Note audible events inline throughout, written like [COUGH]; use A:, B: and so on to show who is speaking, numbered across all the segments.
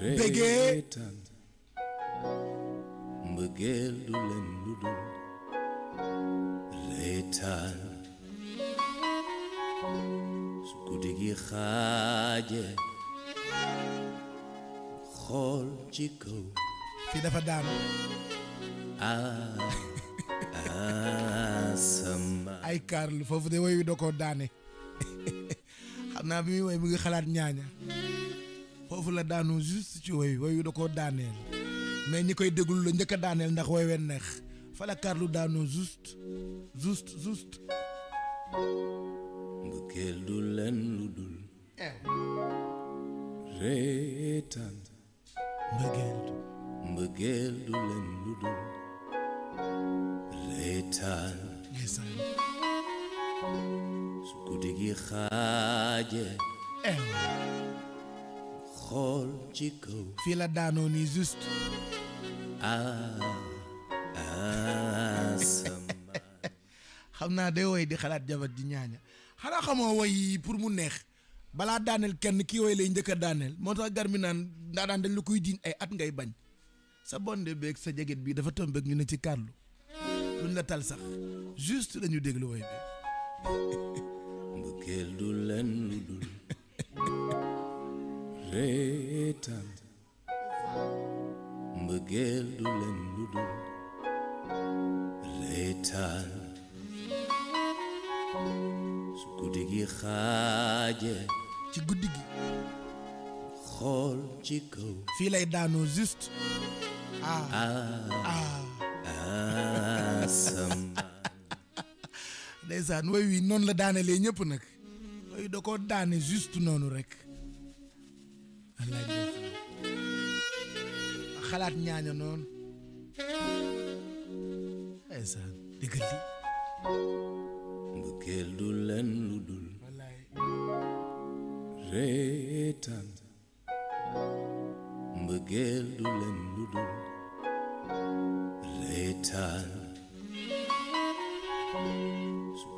A: reetaan mbëggeel du leen lu dul reetaan su gi xaaje xool ci
B: kaw fii dafa daanu ah, ah, ay kaar lu foofu de woy wi daane [LAUGHS] xam naa bi muy woy mu ngi xalaat ñaaña foofu la daanu juste ci woy woyu da koo daaneel mais ñi koy déglu la njëkk daaneel ndax woy wen neex falakaarlu daanu juste
A: juste juste mbëggeel du leen lu dul reetaan mbëggeel su guddi gi xaaje
B: xool fii la daanoo nii juste ah, ah, [LAUGHS] xam naa day woy di xalaat jabat ji ñaaña xanaa xamoo woy yi pour mu neex balaa daaneel kenn kii woy lay njëkka daaneel moo tax gar mi naan ndaa daan dañ la koy diiñ ay at ngay bañ sa bonde beeg sa jeget bii dafa tombeeg ñu ne ci kàrlu luñ la tal sax juste lañu déglu woy bi
A: [LAUGHS] mbëkkeel du leen lu dul [LAUGHS] reetaan mbëggeel du leen lu dul guddi gi xaaje
B: ci guddi gi xool ci kaw fii lay daanoo juste
C: ah
A: ah asam ah. ah,
B: [LAUGHS] ndeysaan woy noonu la daanelee ñëpp nag woy da ko daane juste noonu rek xalaat ñaaña noonu ndeysaan dëggal
A: di su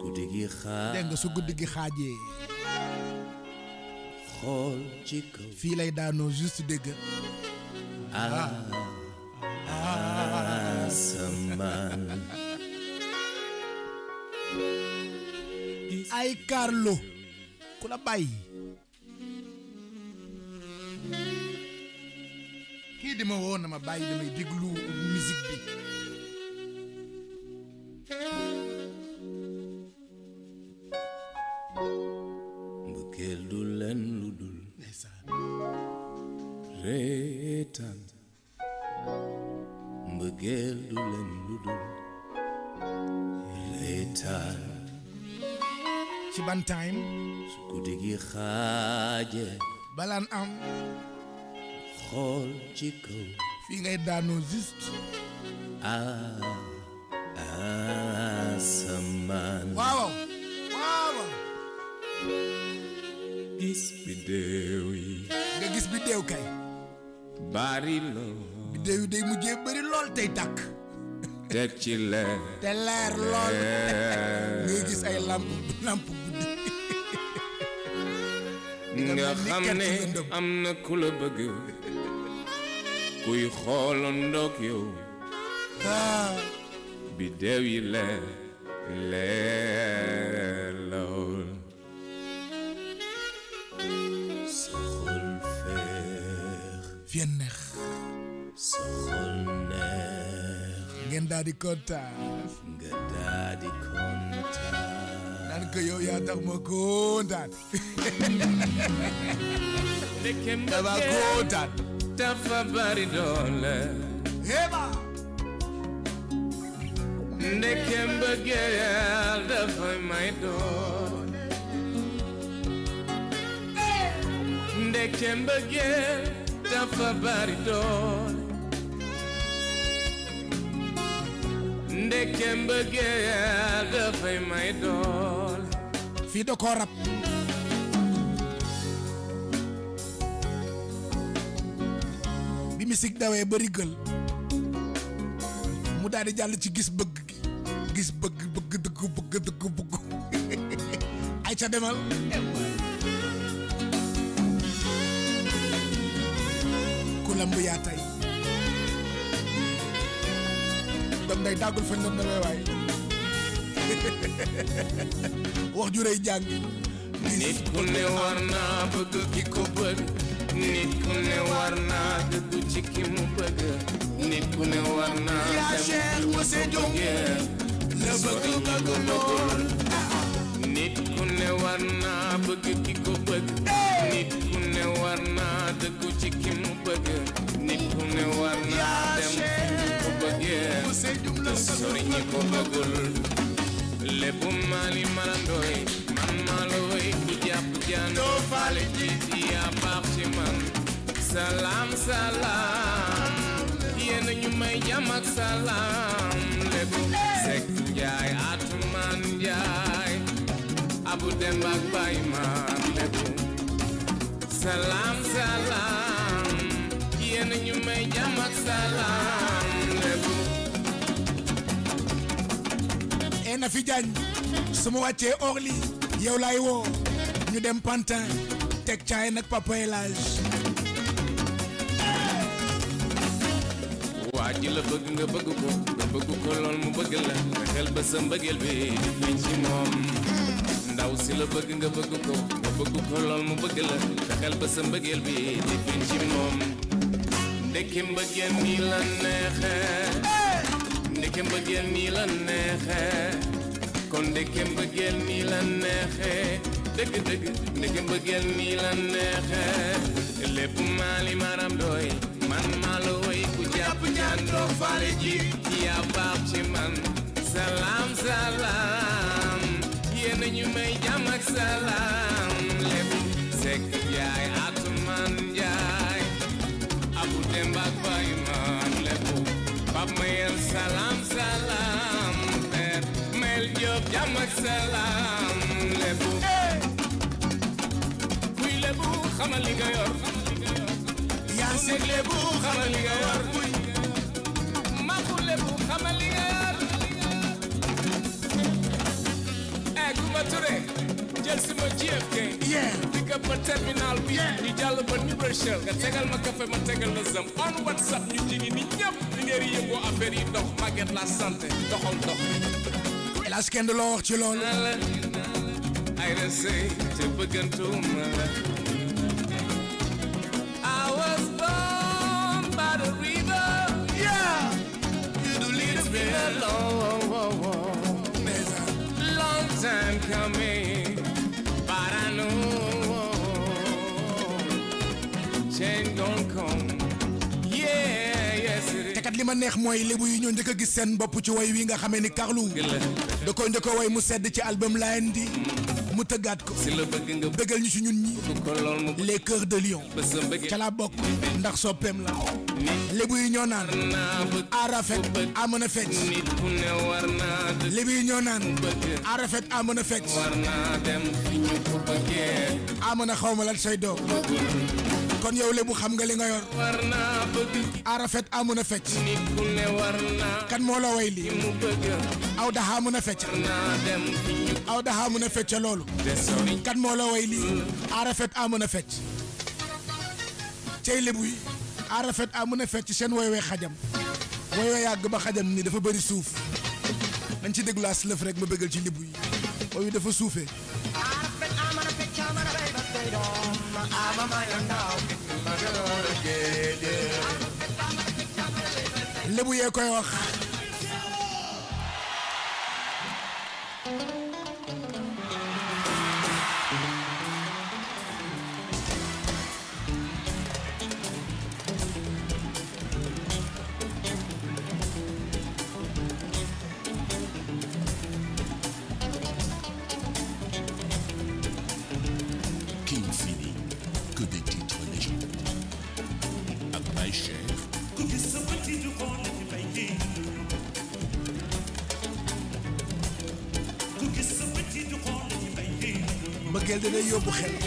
A: guddi gi xaaj dégg nga su guddi gi xaajee xool ci kaw fii
B: lay daanoo juste dégg
A: ah, ah. asamaan ay
B: Carlou ku la bàyyi kii di ma woo na ma bàyyi damay déglu musique bi daanoo juste.
A: ah asamaan. Ah, waaw
B: waaw.
D: gis biddéew yi.
B: nga gis biddéew kay.
D: bari lool.
B: biddéew yi day mujjee bari lool tey tàkk.
D: teg ci leer. te
B: leer lool.
D: ngay gis ay làmp làmp guddi. nga xam ne ku la bëgg. kuy xoolandoog yow ah. bi deew yi leer leer la woon
A: sa xol feex fien neex sa xol neex ngeen daal di kontaan nga daal di kontaan
D: naan ko yow yaa tax ma kontaan [LAUGHS] dama kontaan tafa bari dole Heba Nekem begeyal dafa may dole Nekem begeyal dafa bari dole Nekem begeyal dafa may dole
B: Fido Corra sig dawee ba mu daal di jàll ci gis bëgg gi gis bëgg dëgg bëgg dëgg bëgg [LAUGHS] ay ca demal ku lamb yaa tey dom day dàggul fañ doon dawee waay [LAUGHS] wax ju jàng
D: nit ku ne naa bëgg ki ko bëri nit ku ne war naa dëggu ci ki mu bëgg nit ku ne war naa yaa Cheikh Moussa Diop la bëgg bëgg lool ah, ah. nit ku ne war naa bëgg ki ko bëgg nit ku ne war naa dëggu ci ki mu bëgg nit ku ne war naa dem ki ko bëgg te sori ñi ko bëggul lépp maa li malandooy man maa la woy janoo fali jiit yaa baax ci man salaam ñu may jàmm ak salaam lébu Seck
B: fi jaañ su wàccee orli yow laay woo ñu dem nag papa elage
D: waa ji nga bëgg ba sa mbëggeel bi di ba sa mbëggeel bi kon ndeke mbëggeel nii la neexe dëgg dëgg ndeke mbëggeel nii la neexe lépp maram doy man maa la woy ku jàpp jàndoo faale ji yaa baax ci man salaam salaam yéen ñu may jàmm ak salaam lépp sekk yaay atumaan njaay abu demb ak bay man lépp pap mayel salaam salaam père mel jóob jàmm ak salaam xamal li nga yor yaa seeg lebu xamal li nga yor maxu lebu xamal li nga yor ee Kumba Ture jël si ma GFK pick up ba terminal bi ñu jàll ba New Rochelle nga tegal ma café ma tegal la zam on WhatsApp ñu jigi ni ñëpp di ngeen yëngoo affaire yi dox Maguette la santé doxal dox las kenn du la wax ci loolu ay resey te bëggantuma la a
E: long,
D: long time coming, but I know change come.
B: li ma neex mooy lébu yi ñoo njëkk a seen bopp ci woy wi nga xamee ni Carlou da ko mu sedd ci album mu tëggaat ko bëggal ñu ci ñun ñi les cœurs de lion ca la bokk ndax soppeem la lébu yi ñoo naan a rafet a mën a fecc a mën a fecc a mën a xawma lan say doom kon yow lébu xam nga li nga yor a rafet a mën a fecc kan moo la way lii aw daxa mën a fecc aw daxaa mën a fecc loolu kan moo la way lii a rafet a mën a fecc cey lébu yi a rafet a mën a fecc seen way way xajam way way yàgg ba xajam ni dafa bëri suuf nañ ci déglu as lëf rek ma bëggal ci lébu yi way dafa suufee lébu yee koy wax dana yóbbu xel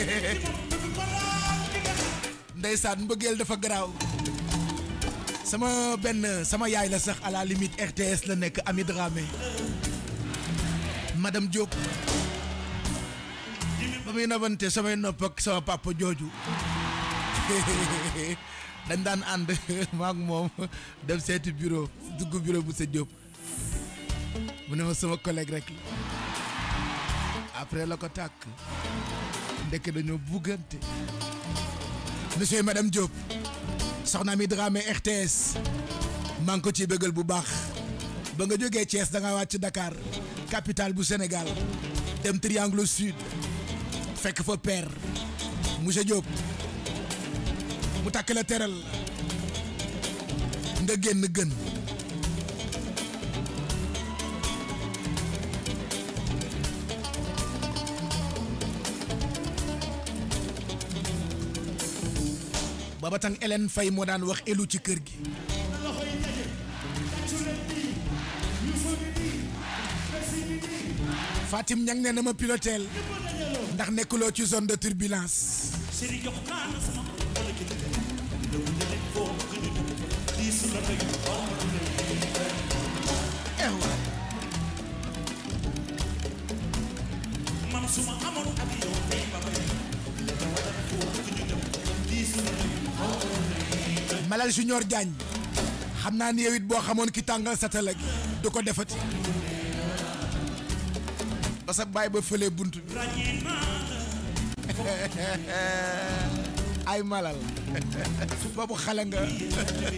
F: [LAUGHS]
B: ndeysaan mbëggeel dafa garaaw sama benn sama yaay la sax à la RTS la nekk Ami Dramé madame Diop ba muy nabante samay nopp ak sama papa jooju [LAUGHS] dañ daan ànd [LAUGHS] maak moom dem seeti bureau dugg bureau bu sa Diop mu ne ma sama collègue rek après la ko tàkk ndekk dañoo buggante monsieur madame Diop soxna mi Dramé RTS maa ko ci bëggal bu baax ba nga Thiès da nga Dakar capitale du Sénégal dem triangle sud fekk fa père monsieur Diop mu takk la téral nga génn gën booba tang Hélène Faye moo daan wax elu ci kër gi Fatim ñang ne na ma piloteel ndax nekkuloo ci zone de turbulence Malal Junior Diagne xam naa ni yewit bo xamone ki tangal sa talag du ko defati ba sa bàyyi ba fele buntu [LAUGHS] ay Malal bobu xale nga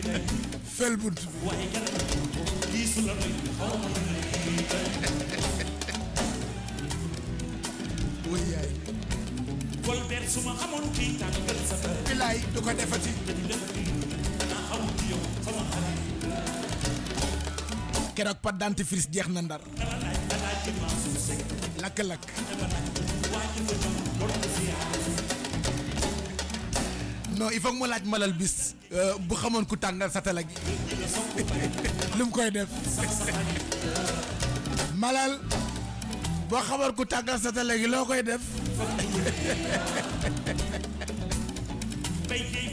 B: [LAUGHS] fel buntu
F: bi wëy kamon kita su ma xamoon kii tàngal sa du ko defati
B: keroog pat dentifrice jeex na ndar lak lak no il faut mu laaj malal bis euh, bu xamone ku tangal satala gi [LAUGHS] lu koy def malal boo xamoon ku tangal satala gi loo koy def [LAUGHS] bay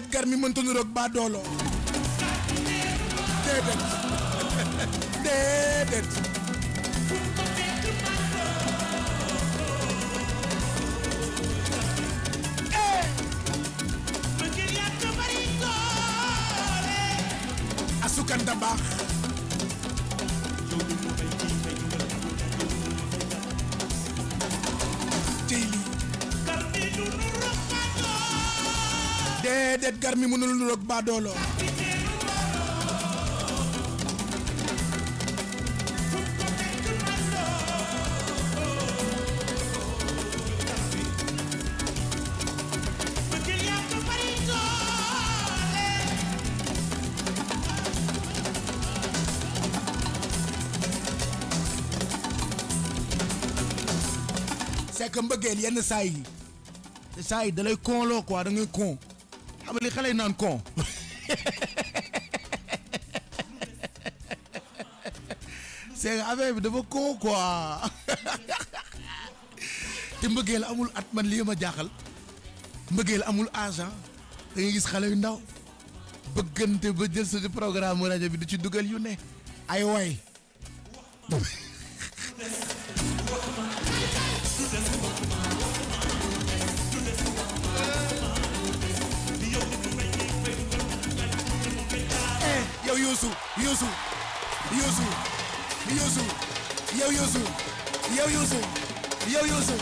B: déedéet garmi mënta nu roog baa dooloo
E: déedéet [LAUGHS]
B: déedéet mënul nuroog baadoolo c'est que mbëggeel yenn saa yi saa yi da lay con loo quoi da ngay con xam li xale yi naan con c'est que bi dafa con quoi te la amul at man lii ma jaaxal mbëggeel amul agent da gis xale yu ndaw bëggante ba jël suñu programme rajo bi di ci dugal yu ne ay way yow Youssou Youssou Youssou Youssou yow Youssou yow Youssou yow Youssou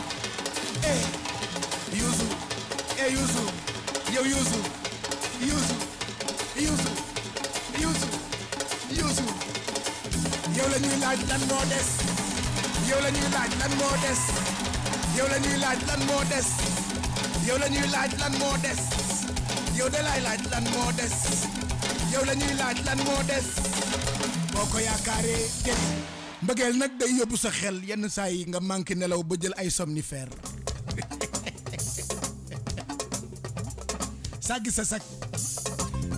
B: eh Youssou eh Youssou yow Youssou Youssou Youssou Youssou Youssou yow la ñuy laaj lan moo des
C: yow la ñuy laaj lan moo des yow la ñuy laaj lan moo des yow la ñuy laaj lan moo des yow de laay laaj lan moo des
B: yow la ñuy laaj lan moo des boo ko yaakaaree des mbëggeel nag day yóbbu sa xel yenn saa yi nga manqué nelaw ba jël ay somnifère [LAUGHS] sàggi sa sag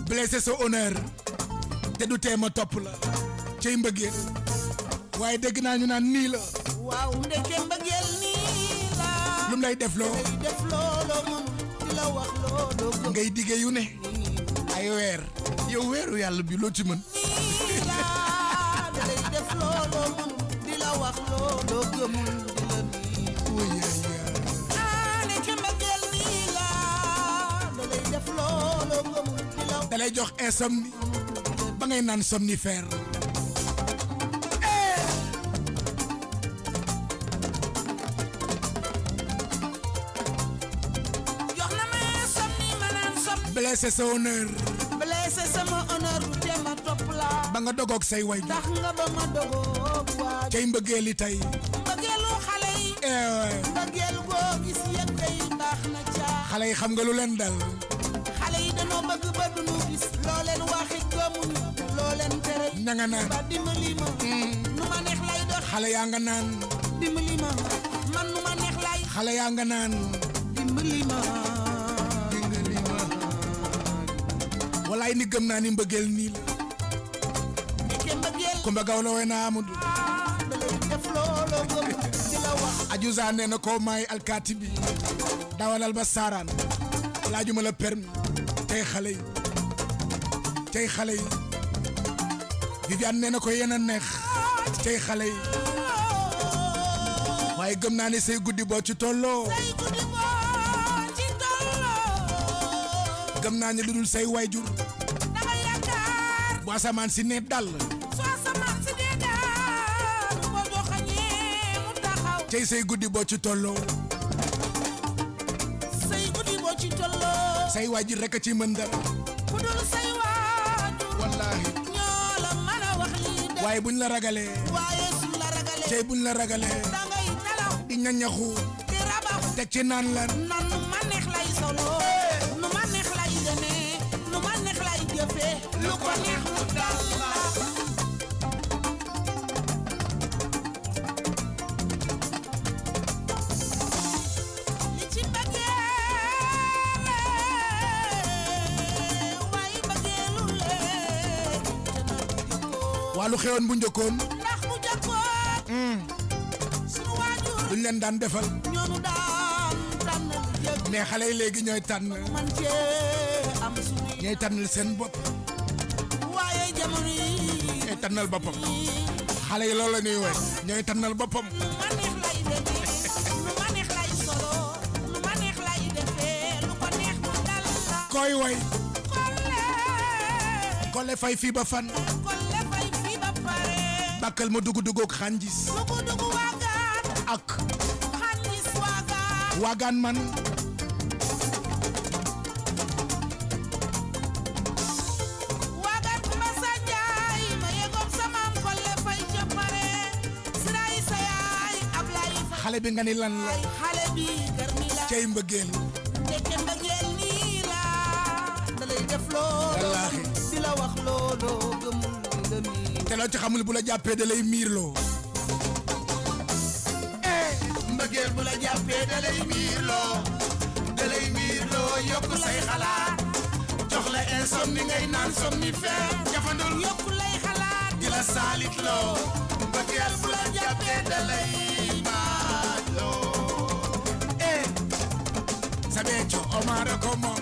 B: blessé sa honneur te du tee topp la cay mbëggeel waaye dégg naa ñu naan nii la
C: waaw ndeke mbëggeel nii la
B: lu lay def loo ngay yu ne ay weer yow weeru yàlla bi loo ci mën dalay jox insomnie ba ngay naan somnifère blessé sa honneur nga dogo ak say way ndax nga ba ma dogo waay cay mbëggeel li tey
C: mbëggeelu xale yi eh, mbëggeel go gis yëg kay ndax na cha
B: xalé yi xam nga lu len dal
C: xalé yi dañu bëgg ba du dunu gis loo leen waxit gëmuñu lo len tere na nga na ba dimbali ma mm. nu ma neex lay dox xalé
B: ya nga naan dima lima man nu ma neex lay xalé ya nga naan dima lima dimbali ma walaay ni gëm naa ni mbëggeel nii la kon Gawlo way na Amadou Adiouza [LAUGHS] nee na ko may alkaati bi dawalal ba saaraan laajuma la permis tey xale yi tey xale yi Viviane nee na ko yéen a neex tey xale yi waaye naa ne say guddi boo ci tolloo gëm naa ne lu dul say waajur bu asamaan si ne dal tey say guddi boo ci tolloo
C: say guddi boo ci tolloo
B: say waajur rek a ci mën dara
C: ku dul wallaahi ñoo la mën a wax lii
B: waaye buñ la ragalee
C: waaye suñ la ragalee
B: tey buñ la ragalee dangay nelaw di ñañaxu di rabax teg ci naan lan nan nu
C: ma neex lay solo nu ma neex lay demee nu ma neex lay jëfee
B: lu xewoon bu njëkkoon ndax bu njëkkoon hmm. sunu waajur duñ leen daan defal ñoonu daan tànnal mais xale yi léegi ñooy tànn man cee am suñu ñooy tànnal seen bopp
C: waaye jamono yi
B: ñooy tànnal boppam xale yi loolu la ñuy wax ñooy tànnal boppam koy way kole fay fii ba sàkkal ma dugg dugg ak xanjis dugg dugg waagaan ak xanjis waagaan waagaan man
C: waagaan ma sa ma yegoom sama am fay ca pare siraay yaay ab lay xale
B: bi nga ni lan la
C: xale bi garmi la cay
B: mbëggeel la ci xamul bu la jàppee da lay miirloo. Eh, mbëggeel bu la jàppee da lay miirloo da lay miirloo yokk say xalaat jox la insomnie ngay naan somnifère
C: jafandul yokk lay xalaat di la loo mbëggeel bu la jàppee da lay baat loo. Eh, Sabeeco Omar a ko moom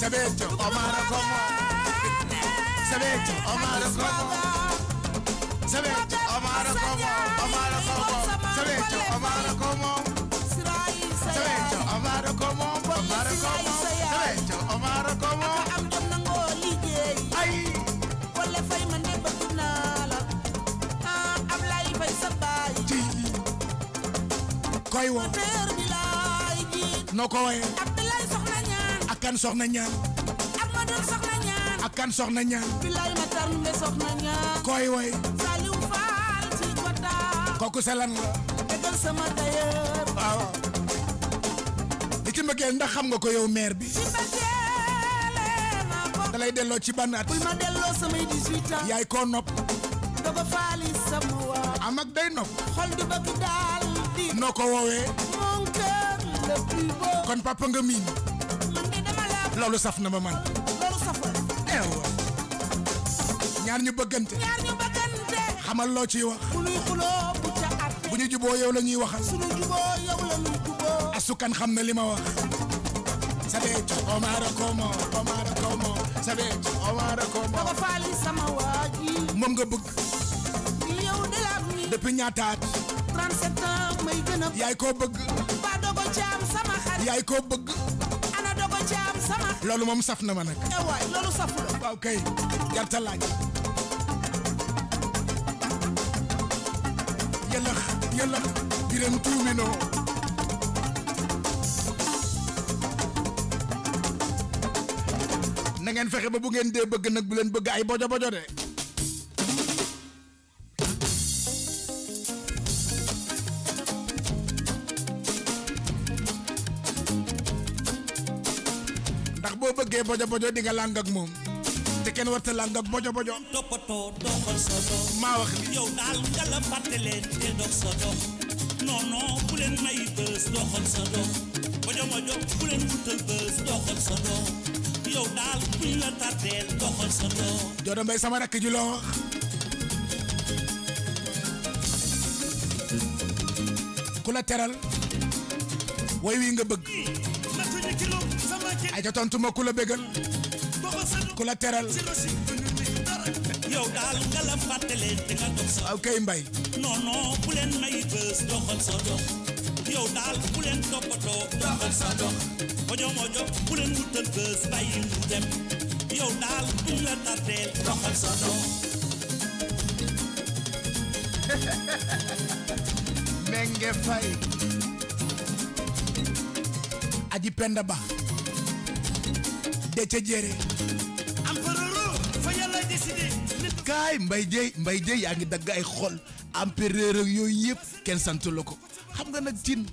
C: Sabeeco Omar a ko
B: Sabete, Omara Como. Sabete, Omara Como. Omara Como.
C: Sabete, Omara Como. Sabete, Omara Como. Omara Como. Sabete, Omara Como. am jom nangoo liggéey. ay. wala fay ma ne bëgg naa la. ah Ablaye Faye sa baay. ji. koy woo. moteur bi laay ji.
B: noo ko wooyee. Abdoulaye soxna ñaan. ak kan soxna ñaan. ak ma doon soxna. kan soxna ñaan billahi ma tar ne soxna ñaan koy way saliw faal ci kota koku selan la egal sama tayer waaw li ci mbeke ndax xam nga ko yow maire bi ci mbëggeele na dalay delloo ci banat bul ma delo sama 18 ans yaay koo nopp dogo faali sama wa am ak day nop xol du bëgg dal di noko wowe mon cœur le plus beau kon papa nga miin man de ma man ñaar ñu bëggante ñaar ñu loo ciy wax bu ñuy bu ca bu ñu juboo yow la ñuy waxal juboo yow la ñuy juboo asukan xam na li ma wax sabeecu omara komo omara komo sabeecu omara komo dafa faali sama waaji moom nga bëgg yow de la mi depuis ñaata at 37 ans may gën a yaay koo bëgg ba dogo caam sama xarit yaay koo bëgg ana dogo caam sama loolu moom saf na ma nag
C: waay loolu saf la waaw
B: kay yalax yalax biram tuumino na ngeen fexe ba bu ngeen dee bëgg nag bu leen bëgg ay bojo bojo de ndax boo bëggee bojo bojo di nga làng ak moom kenn warta làng ak bojo bojo
F: toppatoo doxal sa dox maa wax li yow daal nga la fàtte leen dox sa dox non non leen may bës doxal sa dox bojo bojo bu leen wutal bës doxal sa dox yow daal bu ñu la tàddeel doxal sa dox
B: joodo mbay sama rakk ji loo ku la teral way wi nga bëgg ay ca ku la bégal ku la teral
F: yow daal nga la fàttale te nga dox sa ok mbay non non bu leen may bës doxal sa dox yow daal bu leen dox mojo mojo bu leen wutal bës bàyyi mu dem yow daal buñ la tardeel doxal sa dox
B: [LAUGHS] menge fay aji penda ba de ca jere kaay mbay jeey mbay jeey yaa ngi dagg ay xol empereur ak yooyu yëpp kenn sant la ko xam nga nag cin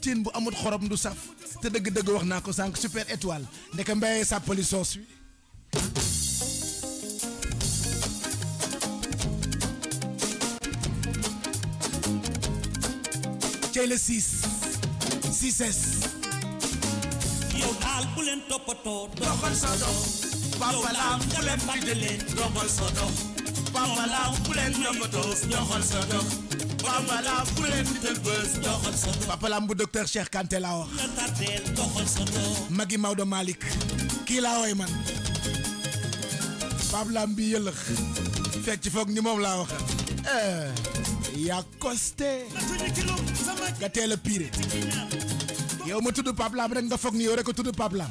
B: cin bu amut xorom du saf te dëgg-dëgg wax naa ko sànq super étoile ndeke mbayee sàppali soos
F: yow daal bu leen toppatoo doxal sa dox papalaam ku leen fàttali ndombal sa dox papalaam ku leen yokkatoo ñoxal
B: bu docteur Cheikh Kanté laa wax magi Maodo Malick kii laa woy man papalaam bi yëllëx fekk ci ni moom laa wax eh, yaa koste nga teel yow ma tudd papalaam rek nga foog ni yow rek a tudd papalaam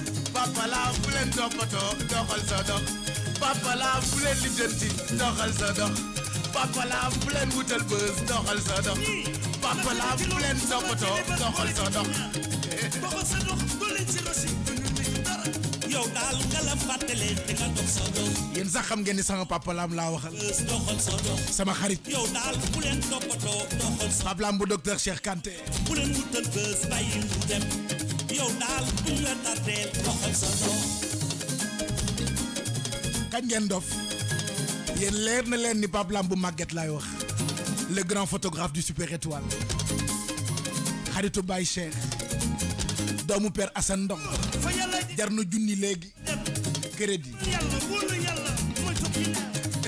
B: papa laa bu doxal sa dox papa laa bu doxal sa dox papa laa bu doxal sa dox papa laa doxal sa dox
F: yow daal nga la fàttale te sax xam ngeen sa dox sama xarit yow daal bu leen doxal sa
B: papa laam bu docteur Cheikh Kanté
F: bu leen journal
B: universel
F: waxal sa doom
B: ngeen dof leer na ni bu le grand photographe du super étoile xaritu Baye Cheikh domou père Assane Ndong jar junni crédit yàlla wóolu yàlla mooy tukki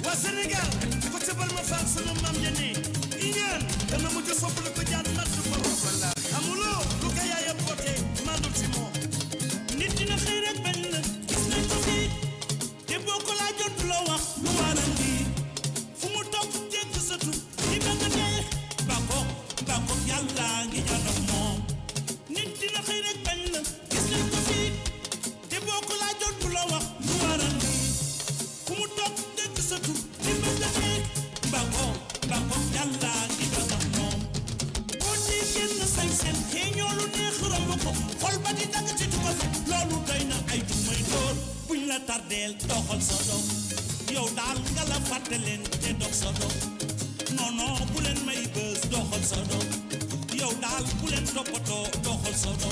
F: wa Sénégal ko tëbal ma fa sama mam ja ya ne dama mu ci sopp la ko deel doxal sa dox yow daal nga la fàtte leen te dox sa dox non non bu leen may doxal sa yow daal bu leen toppatoo doxal sa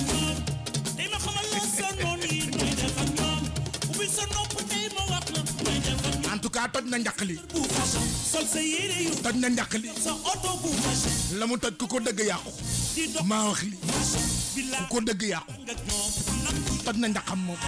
B: avocat toj na njaq li toj na njaq li la mu toj ku ko dëgg yàqu maa wax li ku ko dëgg yàqu toj na njaqam moom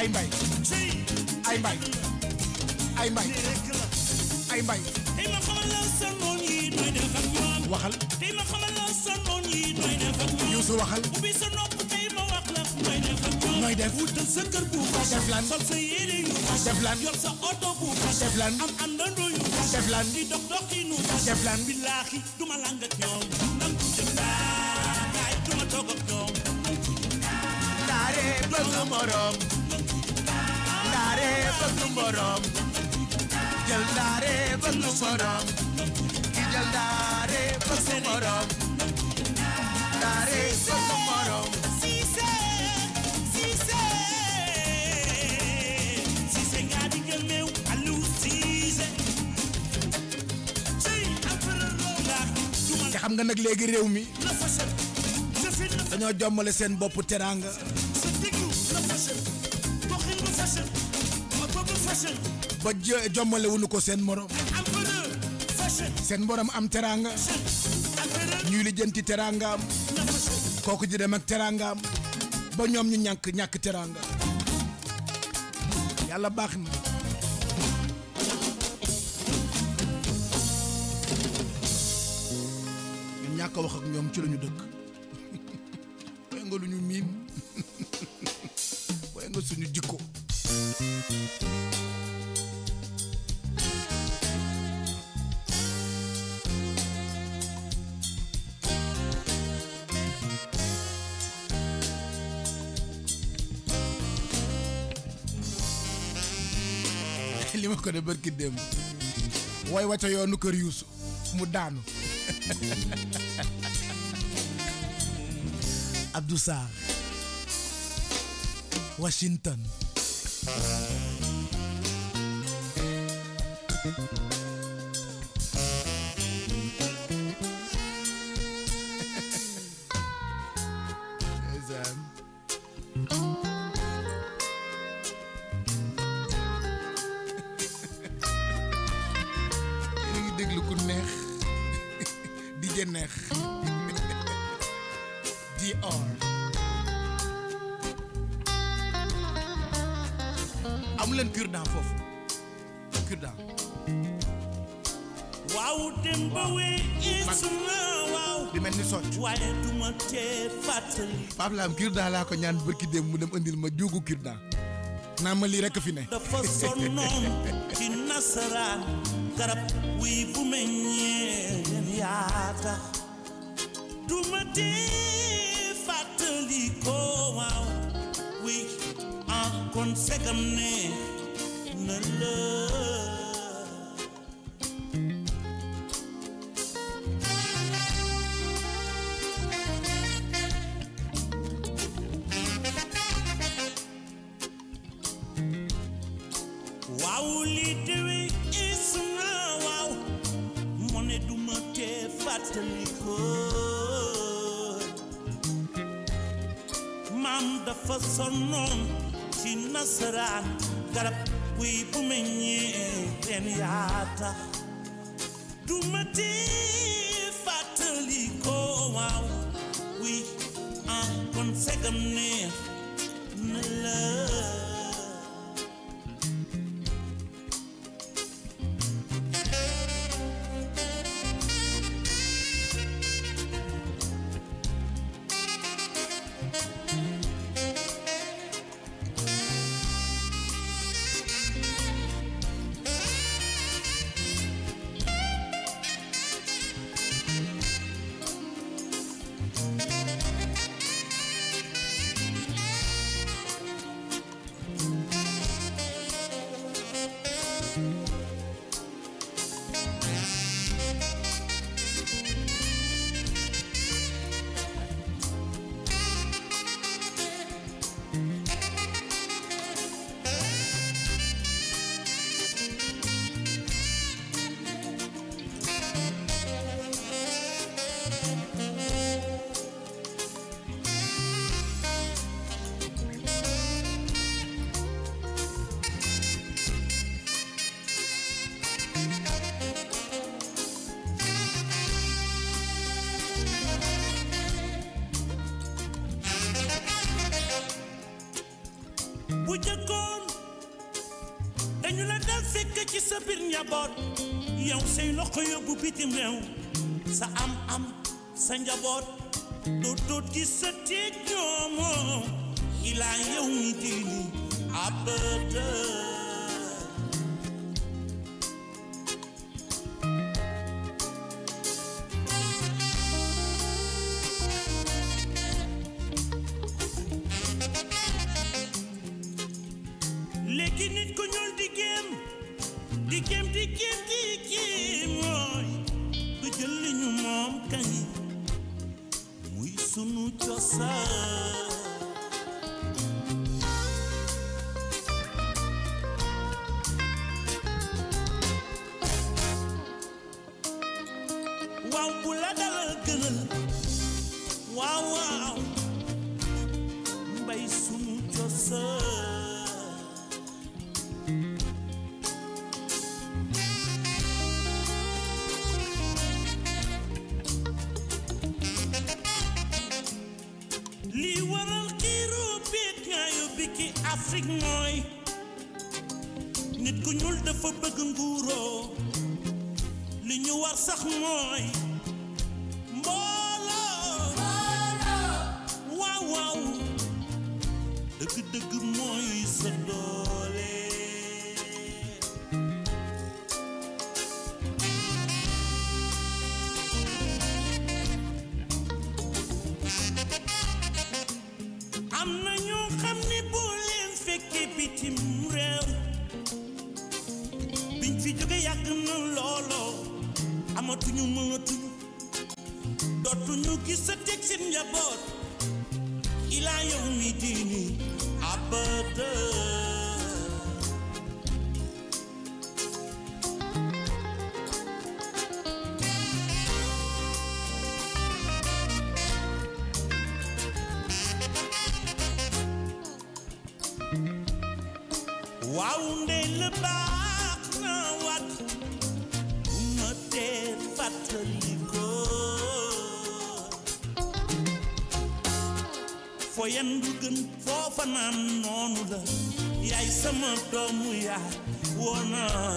F: ay mbay ay mbay ay mbay ay mbay waxal Youssou waxal nooy def wutal sa kër bu fa def lan sol sa yére yu fa def lan yor sa oto bu fa def lan am àndandoo yu fa def lan di dox doxinu fa def lan billaahi duma làng ak ñoom nan ku jëm daay duma toog ak ñoom
C: daare bëgg morom bëgg mborom jël daare bëgg mborom ki jël daare bëgg mborom daare bëgg mborom
F: Cissé Cissé Cissé nga di gëmew Aliou Cissé
B: te xam nga nag léegi réew mi dañoo jommale seen bopp teraanga ba jommale wuñu ko seen morom seen morom am teraanga ñuy lijjanti teraangaam kooku di dem ak teraangaam ba ñoom ñu ñàkk ñàkk teraanga yàlla baax na ñun ñàkk wax ñoom ci lañu dëkk boy [LAUGHS] nga lu miin boy [LAUGHS] nga suñu li ma ko de bërki démb way wa ca yoonu kër yuusu mu daanu [LAUGHS] Abdou Sarr Washington
F: Pape Lam Kurdan
B: laa ko ñaan bërki mu dem andil ma juugu Kurdan naa ma lii rekk fi ne
F: dafa sonnoon ci nasaraan garab wii bu meññee leen du ma dee fàttali waaw wii en kon segam na la sara garab kuy bu meññee benn yaata du ma tee fàttali ko waaw oui en kon segam ne la ko yóbbu bitim réew sa am am sa njaboot dootoo ci sa tiit ñoomoo ilaa yow இருக்குது ba naan noonu la yaay sama doomu yaa woona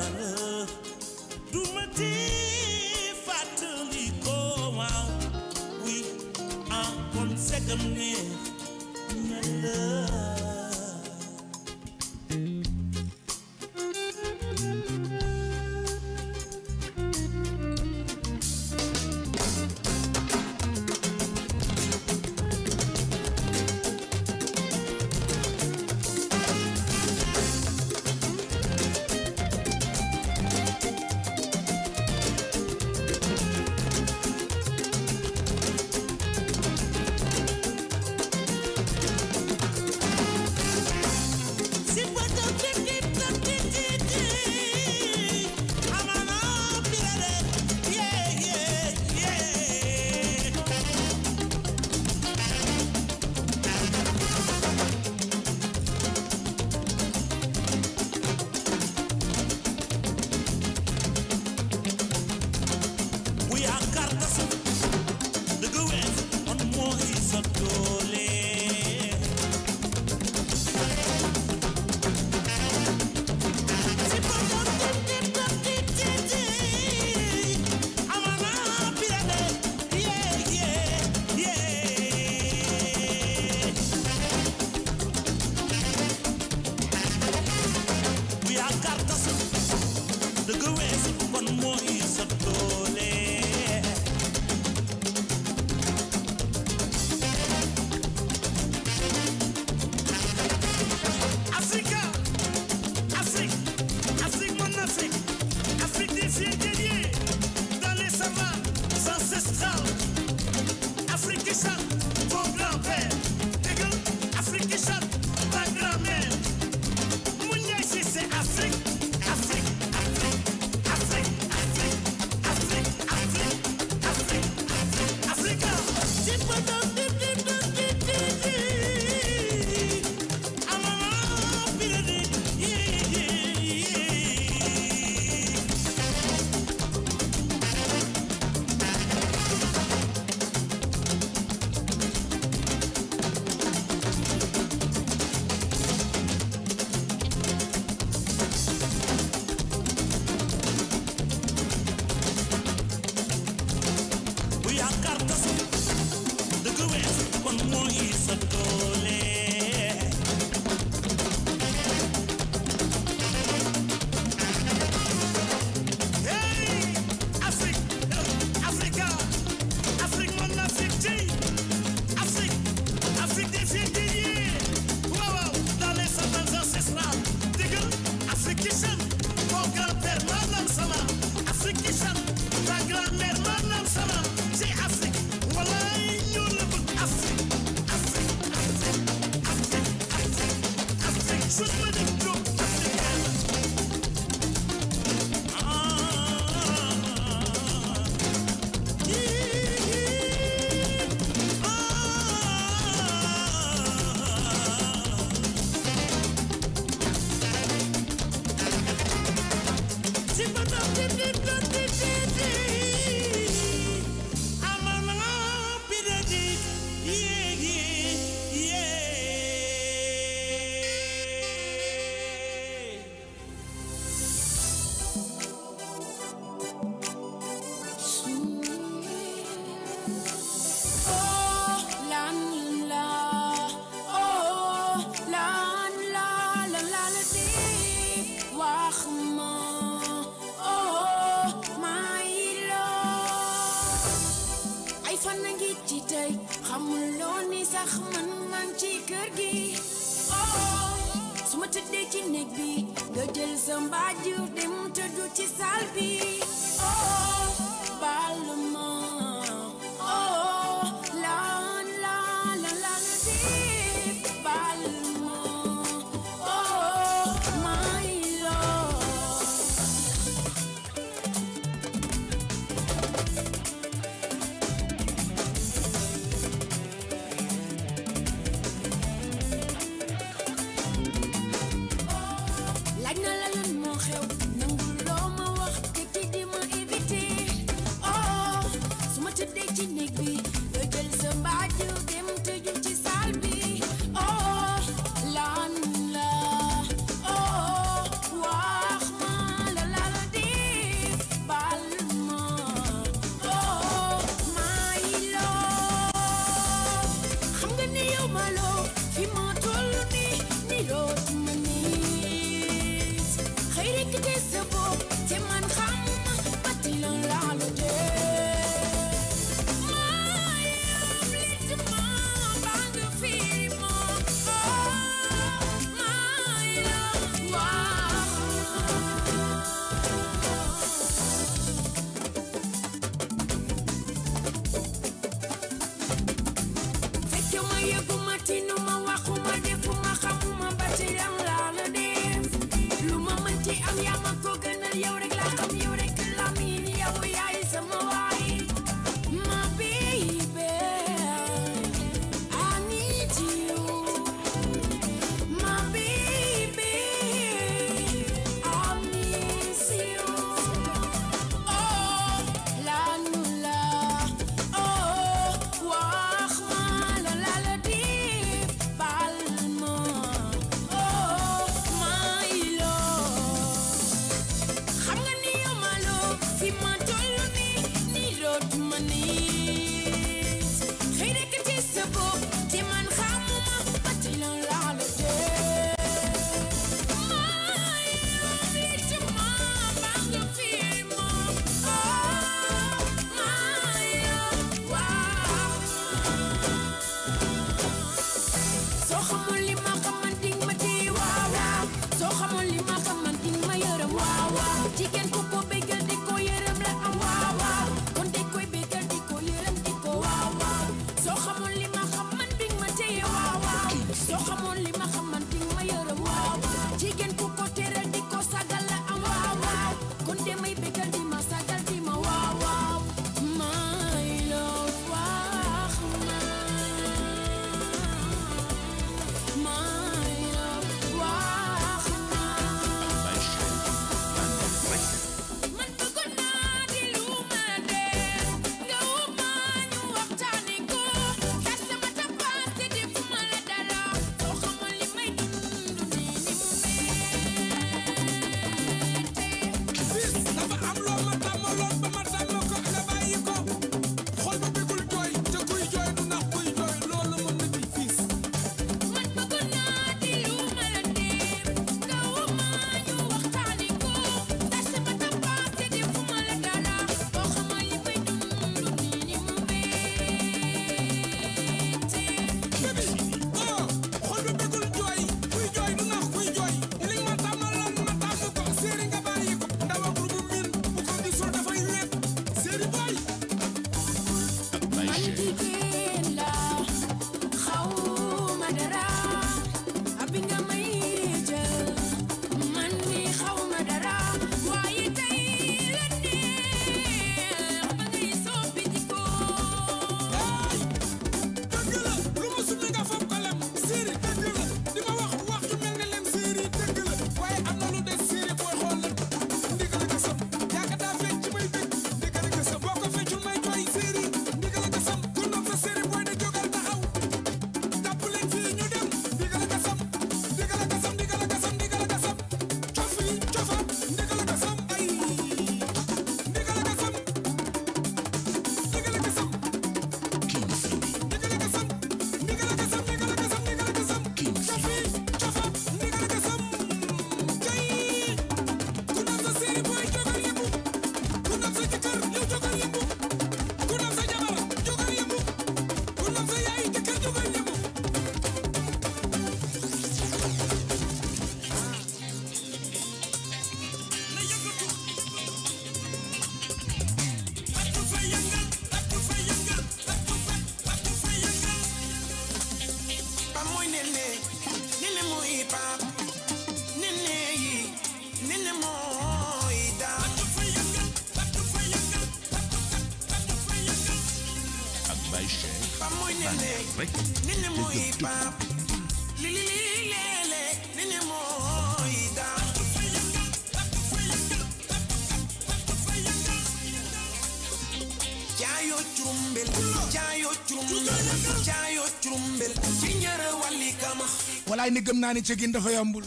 B: ni gëm naa ni cëgin dafa yombul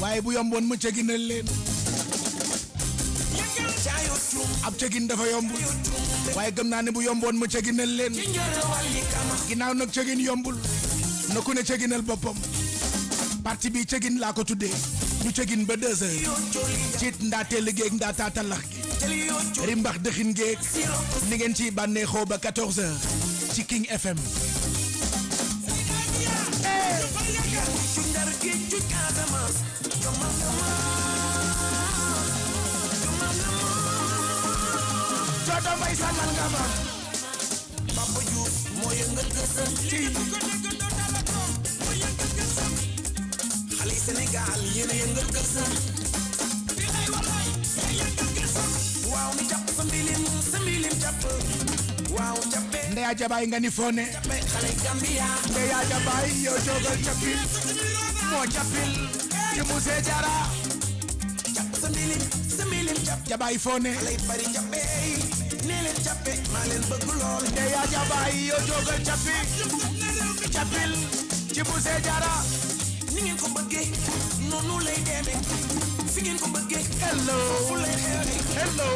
B: waaye bu yomboon ma cëginal leen ab cëgin dafa yombul waaye gëm naa ni bu yomboon ma cëginal leen ginnaaw nag cëgin yombul na ku ne cëginal boppam parti bi cëgin laa ko tuddee ñu cëgin ba deux heures ciit ndaatee liggéey ndaa taatalax gi rimbax dëxin géeg ni ngeen ciy bànneexoo ba 14 ci King FM
C: bay sa langama Papa Diouf moo yëngal gësëm tii xale yi Sénégal yéen a yëngal gësëm waaw mi jàpp sa mbilim sa mbilim jàpp
B: waaw jàppe ndeya jabaay nga ni fone
C: xale Gambia ndeya jabaay yow jogal jàppil moo jàppil ci musée Jara jàpp sa mbilim sa mbilim jàpp jabaay fone xale bari jàppe cappe maa leen bëgg lool te yaa jabaay yoo jógal cappi cappil ci bu see ni ngeen ko bëggee noonu lay demee fi ngeen ko bëggee hello fu lay xewee hello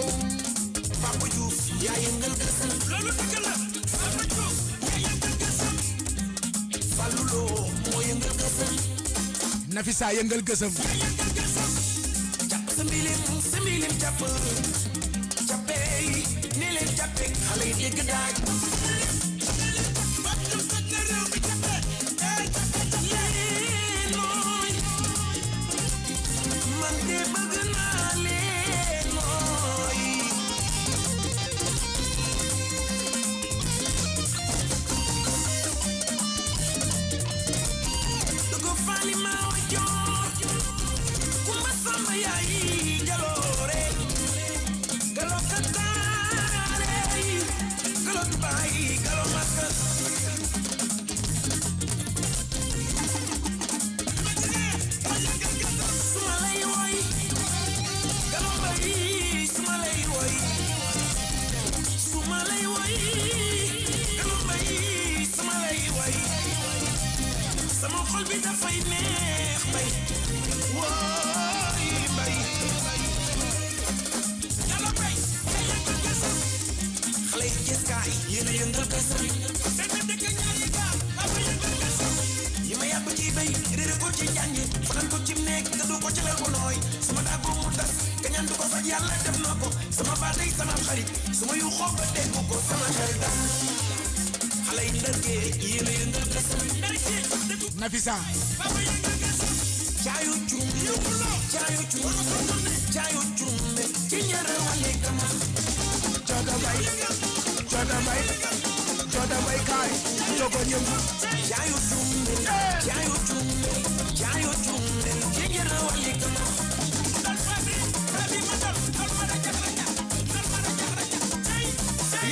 C: Papa Diouf yaa yëngal gësal loolu dëgg la yëngal gësal Fallou Lo yëngal gësal capp sa mbilim sa mbilim capp cappee I'll I leave you good night. ci lal bu nooy sama daa ko mu tas kañaan du ko faj yàlla def na ko sama baat day sama xarit su ma yu xoo ba dégg ko sama xarit am xale yi ndërkee yéen a yëngal gas Nafisa caayu cumbe caayu cumbe caayu cumbe ci ñaare wàlle kama cooda bay cooda bay cooda bay kaay jogo yëngu caayu cumbe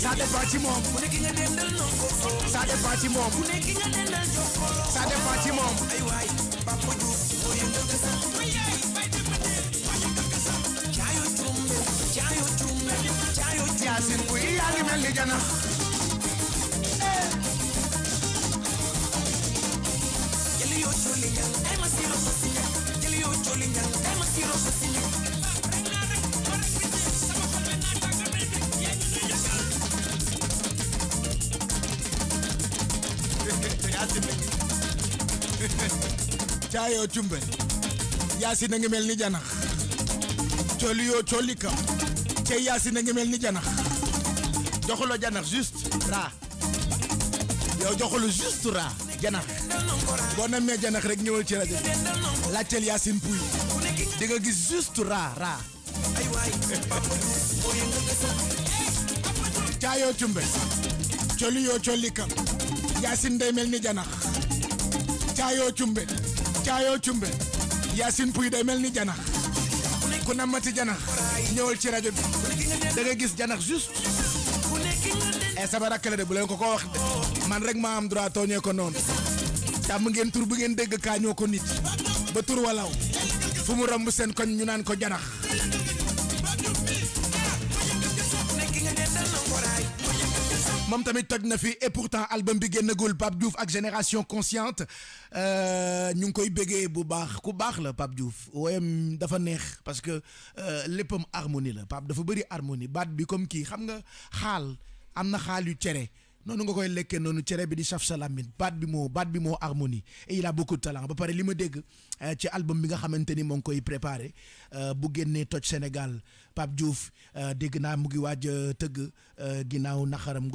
C: ça dépend ci moom ku nekk nga dendal nangu ko ça dépend ci moom ku nekk nga dendal jox ko ça dépend ci moom ay waay Papa Diouf moo yem dëgg sax ay yaay bay dem de moo yem dëgg sax jaayo jumbe jaayo jumbe jaayo jaasin kuy yaa ngi mel ni janax jëli yoo joli njàng ay ma siro ko si njàng jëli yoo joli njàng ay ma siro ko si njàng Yacine
E: [LAUGHS]
B: caayoo cumbe Yacine a ngi mel ni janax cooli yoo cey Yacine a ngi mel ni janax joxuloo janax juste raa yow joxulu juste raa janax boo namee janax rek ñëwal ci rajo bi laajteel Yacine Pouy di nga gis juste raa raa
C: [LAUGHS]
B: caayoo cumbe cooli yoo yaasin day mel ni janax caayoo cumbe caayoo cumbe yaasin puy day mel ni janax ku nammati janax ñëwal ci rajo bi da gis janax juste e sama la de bu leen ko ko wax man rek maa am droit tooñee ko noonu tàmm ngeen tur bu ngeen dégg kaañoo ko nit ba tur walaw fu mu romb seen koñ ñu naan ko janax moom tamit toj na fi et pourtant album bi génnagul Pape Diouf ak génération consciente euh, ñu ngi koy bëggee bu baax ku baax la Pape Diouf woyam dafa neex parce que euh, leppam harmonie la Pape dafa bari harmonie bat bi comme ki xam nga xal am xal yu téré nous, nga koy lekke nonu nous bi di saf salamine Badbimo, bi harmonie et il a beaucoup de talent ba paré dégg ci album bi nga ni ngi koy a eh, bu génnee toj Sénégal Pap Diouf eh, dégg naa mu ngi waaj eh, tëgg Gogou, naxaram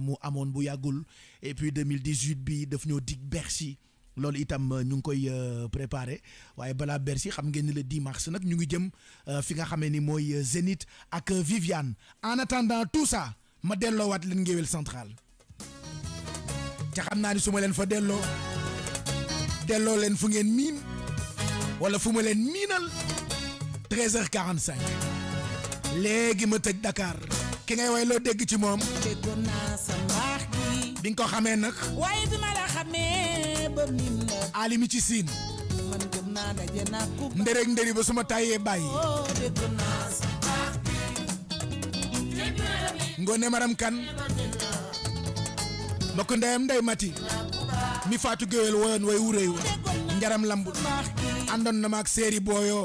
B: mu amone bu yagul et puis 2018 bi daf ñoo dig Bercy loolu itam ñu ngi koy préparé waye bala Bercy xam ngeen le 10 mars nak ñu ngi jëm fi nga ni Viviane en attendant tout ça ma delloowaat leen ngéwél central xam naa ni su ma leen fa delloo delloo leen fu ngeen miin wala fu ma leen miinal 13h45 léegi ma tëj Dakar ki ngay way loo dégg ci moom bi nga ko xamee nag waaye bi ma la xamee ba la alimi ci siin ndëreg ndëri ba suma tàyyee bàyyi oh, Ngoné Maram Kane mbokk ndeyam ndey mati mi faatu géwél woyoon way wuréy wa njaram lambul àndoon na ma ak séeri booyoo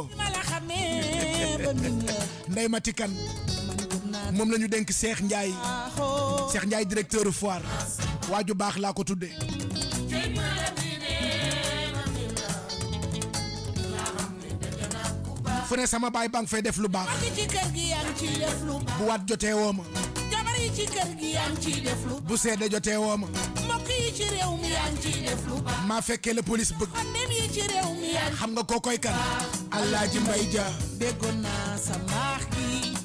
B: [LAUGHS] ndey mati kan moom la ñu dénk Cheikh Ndiaye Cheikh Ndiaye directeur foire waaju baax laa ko tudde fu ne sama baay ba nga fay def lu baax. bu waat jotee woo ma. bu seede jotee woo ma. maa fekkee la police bëgg. xam nga koo koy kan. Alaaji Mbay Ja. déggoon naa sa mbaax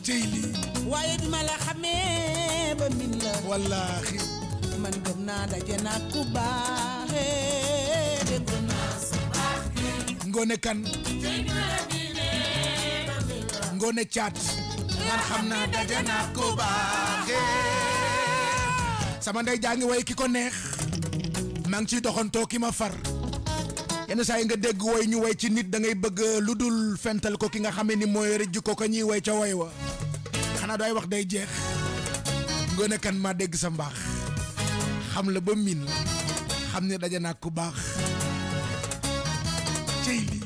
B: gi. lii. waaye bi xamee ba min la. man gëm naa daje naa ku baaxee. déggoon naa ngoone kan. ngone chat
C: man xamna naa daje
B: ko baaxee sama ndey jangi way kiko neex mang ci ciy doxantoo ki ma far yene say nga deg way ñu way ci nit da ngay bëgg lu fental ko ki nga xamé ni moy rëjj ko ko ñi way ci way wa xana doy wax day jeex ngone kan ma deg sa mbax xam la ba min xam ni daje naa ku baax
C: cey li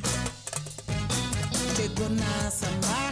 C: déggoon sa mbaax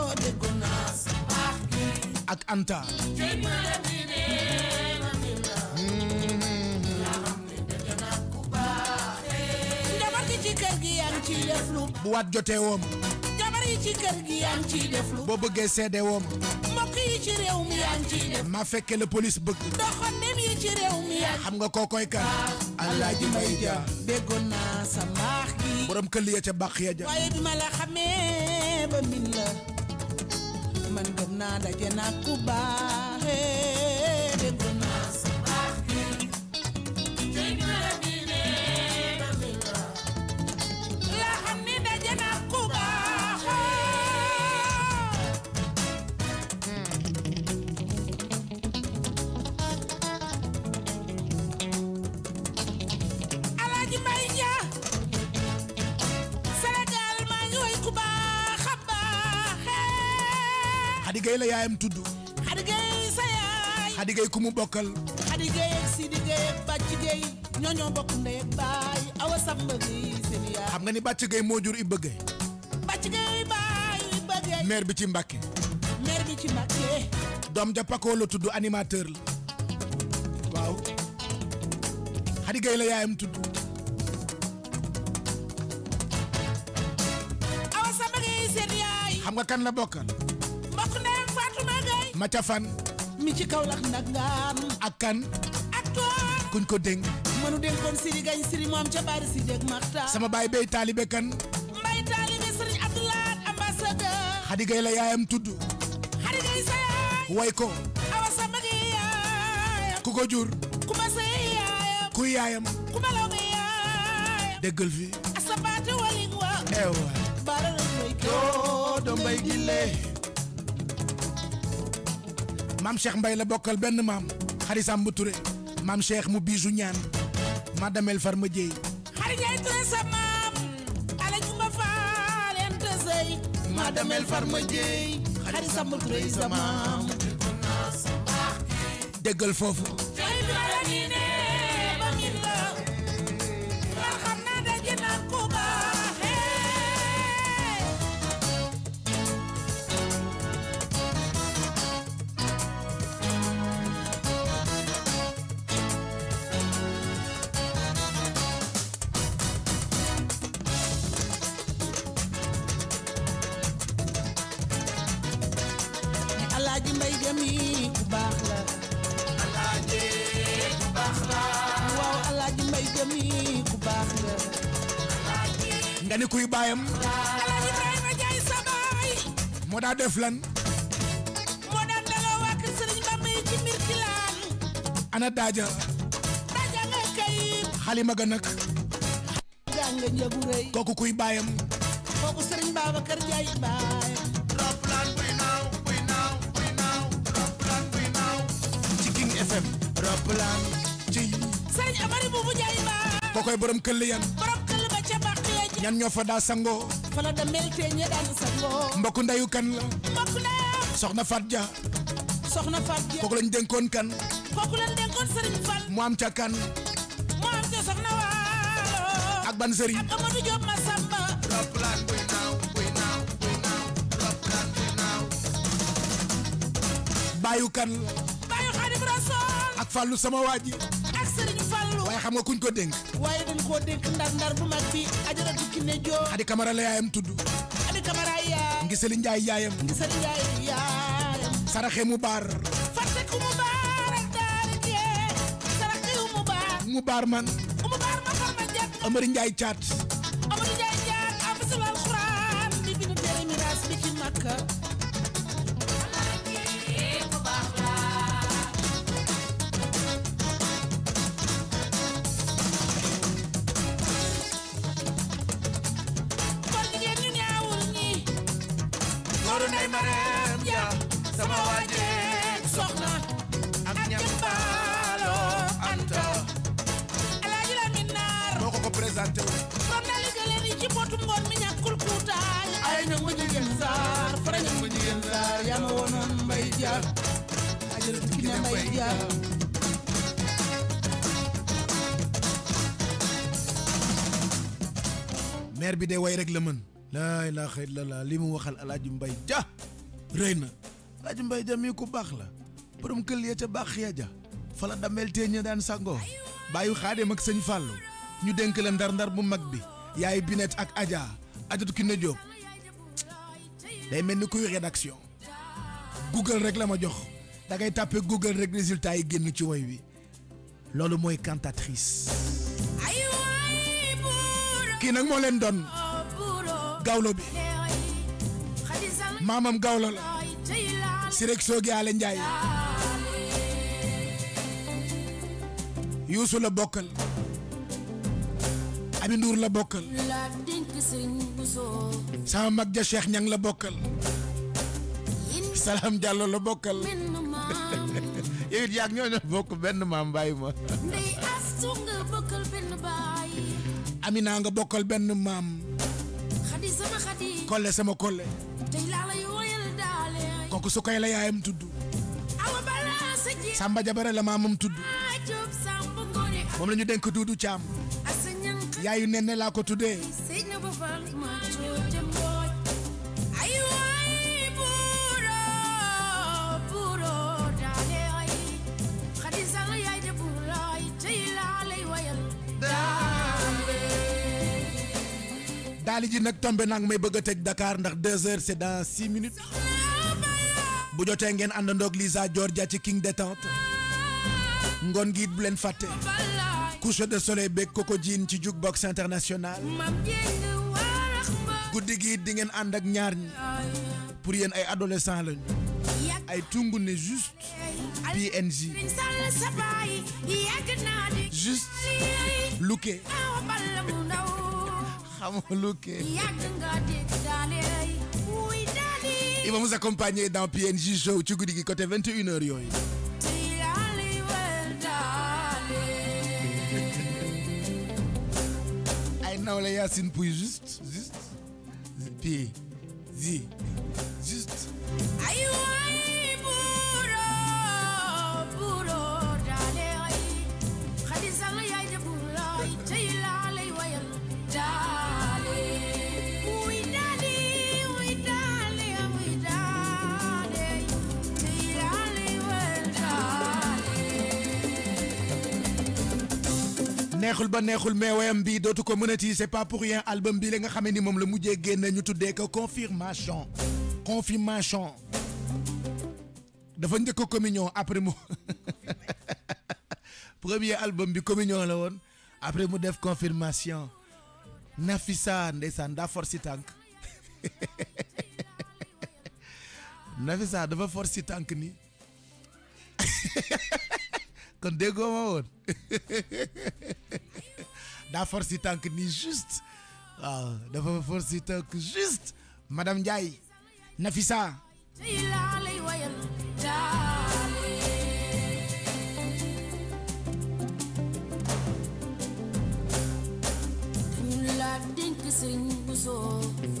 B: ak bëggee seede woom. mbokk
C: yi la
B: xam nga kookoy kan. alaaji may ja déggoon naa sa mbaax gi. borom këll ya ca bàq ya ja.
C: waaye ba min
B: man gëm naa daje naa ku Khady la yaayam tudd.
C: Khady Gueye sa Bàcc Gueye ñoo ñoo bokk xam nga ni
B: Bàcc Gueye moo jur Ibba Gueye. Bàcc baay Ibba Gueye. maire bi ci Mbàkke. maire bi ci Mbàkke. doom ja tudd animateur la. waaw. Khady Gueye la yaayam tudd.
C: awa Samba Gueye seen
B: xam nga kan la bokkal. ma ca fan mi ci kaw lax ndangaan ak kan ak toon kuñ ko dénk
C: mënu dénkoon siri gañ siri moom ca bari si jëg sama baay
B: bay taalibe kan
C: mbay taalibe sëriñ abdoulaat ambassadeur xadi gay la yaayam tudd xadi gay yaay way ko awa sama gi yaayam ku ko jur ku ma yaayam ku yaayam ku ma law gi
B: yaayam déggal fi
C: asabaate waling wa ewa bara la doy
B: doo do mbay gille maam Cheikh Mbay la bokkal benn maam xari Samba Touré maam Cheikh mu biisu ñaan madame El Farma Dieye
C: xari ñay Touré sa maam ala ñu ma faalente sey madame El Farma Dieye xari Samba Touré sa maam
B: déggal foofu
C: mi ku baax la alaaji ku baax la waaw alaaji mbay jami ku baax la
B: nga ni kuy baayam alaaji
G: Ibrahima Jaay sa baay
B: moo daa def lan
G: moo daan daloo waa kër Sëriñ Bamba yi ci Mirkilaan
B: ana daaja
E: daaja nga kay
B: xalima ga nag gaa nga njëgu rëy kooku kuy baayam kooku Sëriñ Babacar Jaay baayam
C: bulaan ci sëriñ amari buubu njaay ba
B: kokoy borom këll yan
C: borom këll ba ca bàq ya
B: ñan fa la
C: da melte ñe kan la
B: soxna soxna lañ kan
C: lañ
B: am ca kan am ca soxna ak ban ak Amadou kan la fàllu sama waa ak sëriñ fàllu waaye xam nga kuñ ko dénk waaye dañ koo dénk ndar ndar bu mag bi ajaratu Kiné Diop Adi Camara la yaayam tudd
C: Adi Camara yaayam
B: ngi sëriñ Njaay yaayam mu baar fàtte ku mu
C: baar ak daara jee mu baar mu baar man mu baar ma xam ma jàpp
B: Amari Njaay caat Amari Njaay mi bi de way rek la mën laa ilaaha illallaah li mu waxal alaaji mbay ja rëy na alaaji mbay ja mii ku baax la borom kël ya ca baax ya ja fala damel tee ña daan sangoo bàyyi xaadim mag sëñ fàllu ñu dénk la ndar ndar bu mag bi yaay Binet ak Adja Adjatu Kiné Diop day melni kuy rédaction Google rek la ma jox da ngay tapé Google rek résultat yi génn ci woy wi lolu moy cantatrice
G: kii nag mo len don gawlo bi Mamam gawlo la si rek soogi
B: ale njaay la bokkal Abi Ndour la bokal sama mag ja Cheikh Ñang la bokal Salam Diallo la bokkal
G: [LAUGHS]
B: yow it ñoo ñooñu bokk benn maam bàyyi ma Amina nga bokal benn maam
G: kolle sama kolle
B: koku su koy la yaayam tuddu
G: Samba Jabare la mamum tuddu mom lañu
B: denk dénk cham
G: yaayu nen ne laa ko tuddee
B: daali ji nag tombe nag may bëgg a teg Dakar ndax deux heures c'est minutes bu jotee ngeen àndandoog Lisa Georgia ci King Détente ngoon gi bu leen fàtte couche de soleil Coco kokodjin ci jukebox international di pour ay adolescent ay tungu juste
G: PNJ juste luke il
B: accompagner dans PNJ Show ci côté 21h nan wè Yacine pou juste, juste, pi, di. neexul ba neexul bi dootu ko c'est pas pour rien album bi la nga xamee ni moom la mujjee génn ñu ko confirmation confirmation dafa njëkk communion après mu [LAUGHS] premier album bi communion la woon après mu def confirmation Nafisa ndeysaan daa force tank. tànk [LAUGHS] Nafisa dafa force tank ni [LAUGHS] kon déggoo ma woon [LAUGHS] daa for si tànk nii juste waaw dafa for si tànk juste madame Ndiaye Nafisa
G: la dénk sëñ bu soo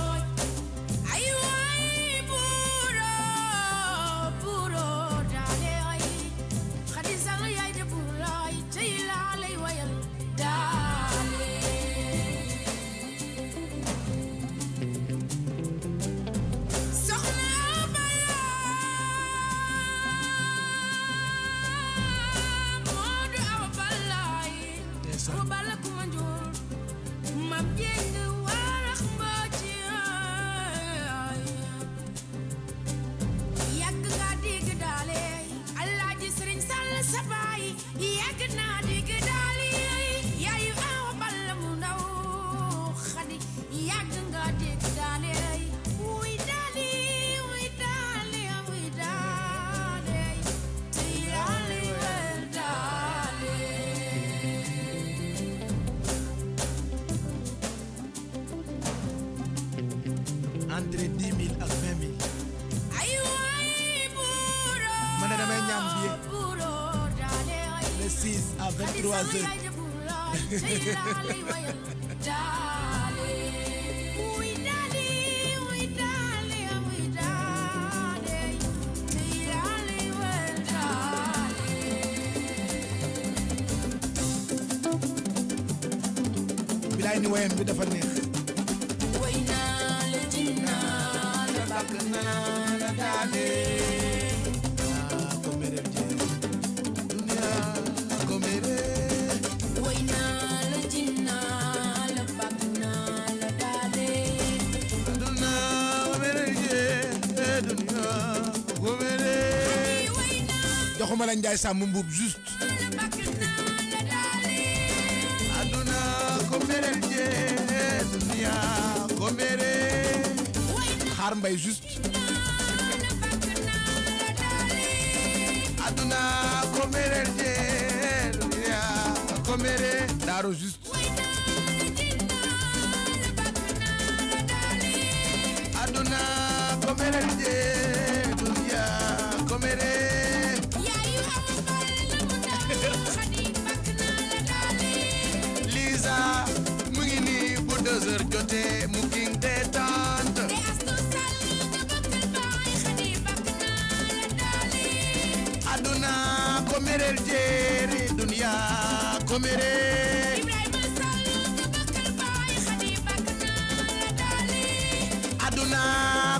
B: Ndiaye Samb mbuub juste aduna ko mere jee dunia ko mere xaar mbay juste aduna ko mere jee dunia ko daaro juste
C: komerel jeeri duniya
B: komere Ibrahima Sall sa bakkar xadi
C: bakk la daali aduna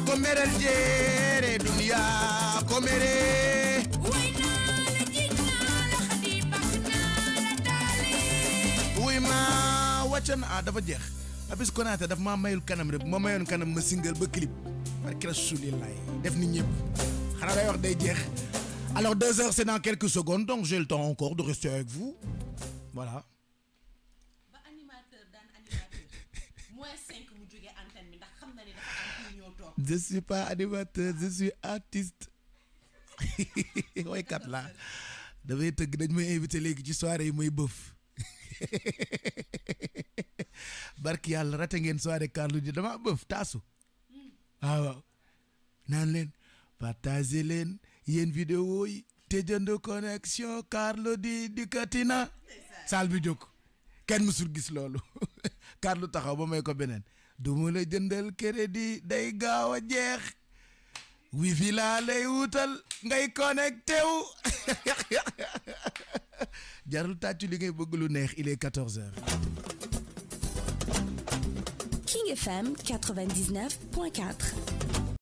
C: komerel jeeri duniya komere way naa la jiñ la xadi
B: bakk la daali wuy ma a ah, dafa jeex Papis ah, Konaté daf maa mayul kanam rek ma mayoon kanam ma single ba clip barke Rasulilaay def ni ñëpp xanaa day wax day jeex Alors, deux heures, c'est dans quelques secondes, donc j'ai le temps encore de rester avec vous. Voilà. Je ne suis pas animateur, je suis artiste. [LAUGHS] waykat laa damay tëgg dañ may invité léegi ci soirée yi may [LAUGHS] barki yalla raté ngeen soirée Carlo di dama beuf taasu hmm. ah waaw naan leen partage leen y a une vidéo yi te jënd connexion Carlo di di katina saal bi ce kenn mësul gis loolu [LAUGHS] Carlo taxaw ba may ko beneen du ma la le crédit day gaaw a jeex wifi laa lay ngay connecté wu [LAUGHS] jarul tàccu li ngay bëgg lu neex il est 14 h
G: King FM 99.4.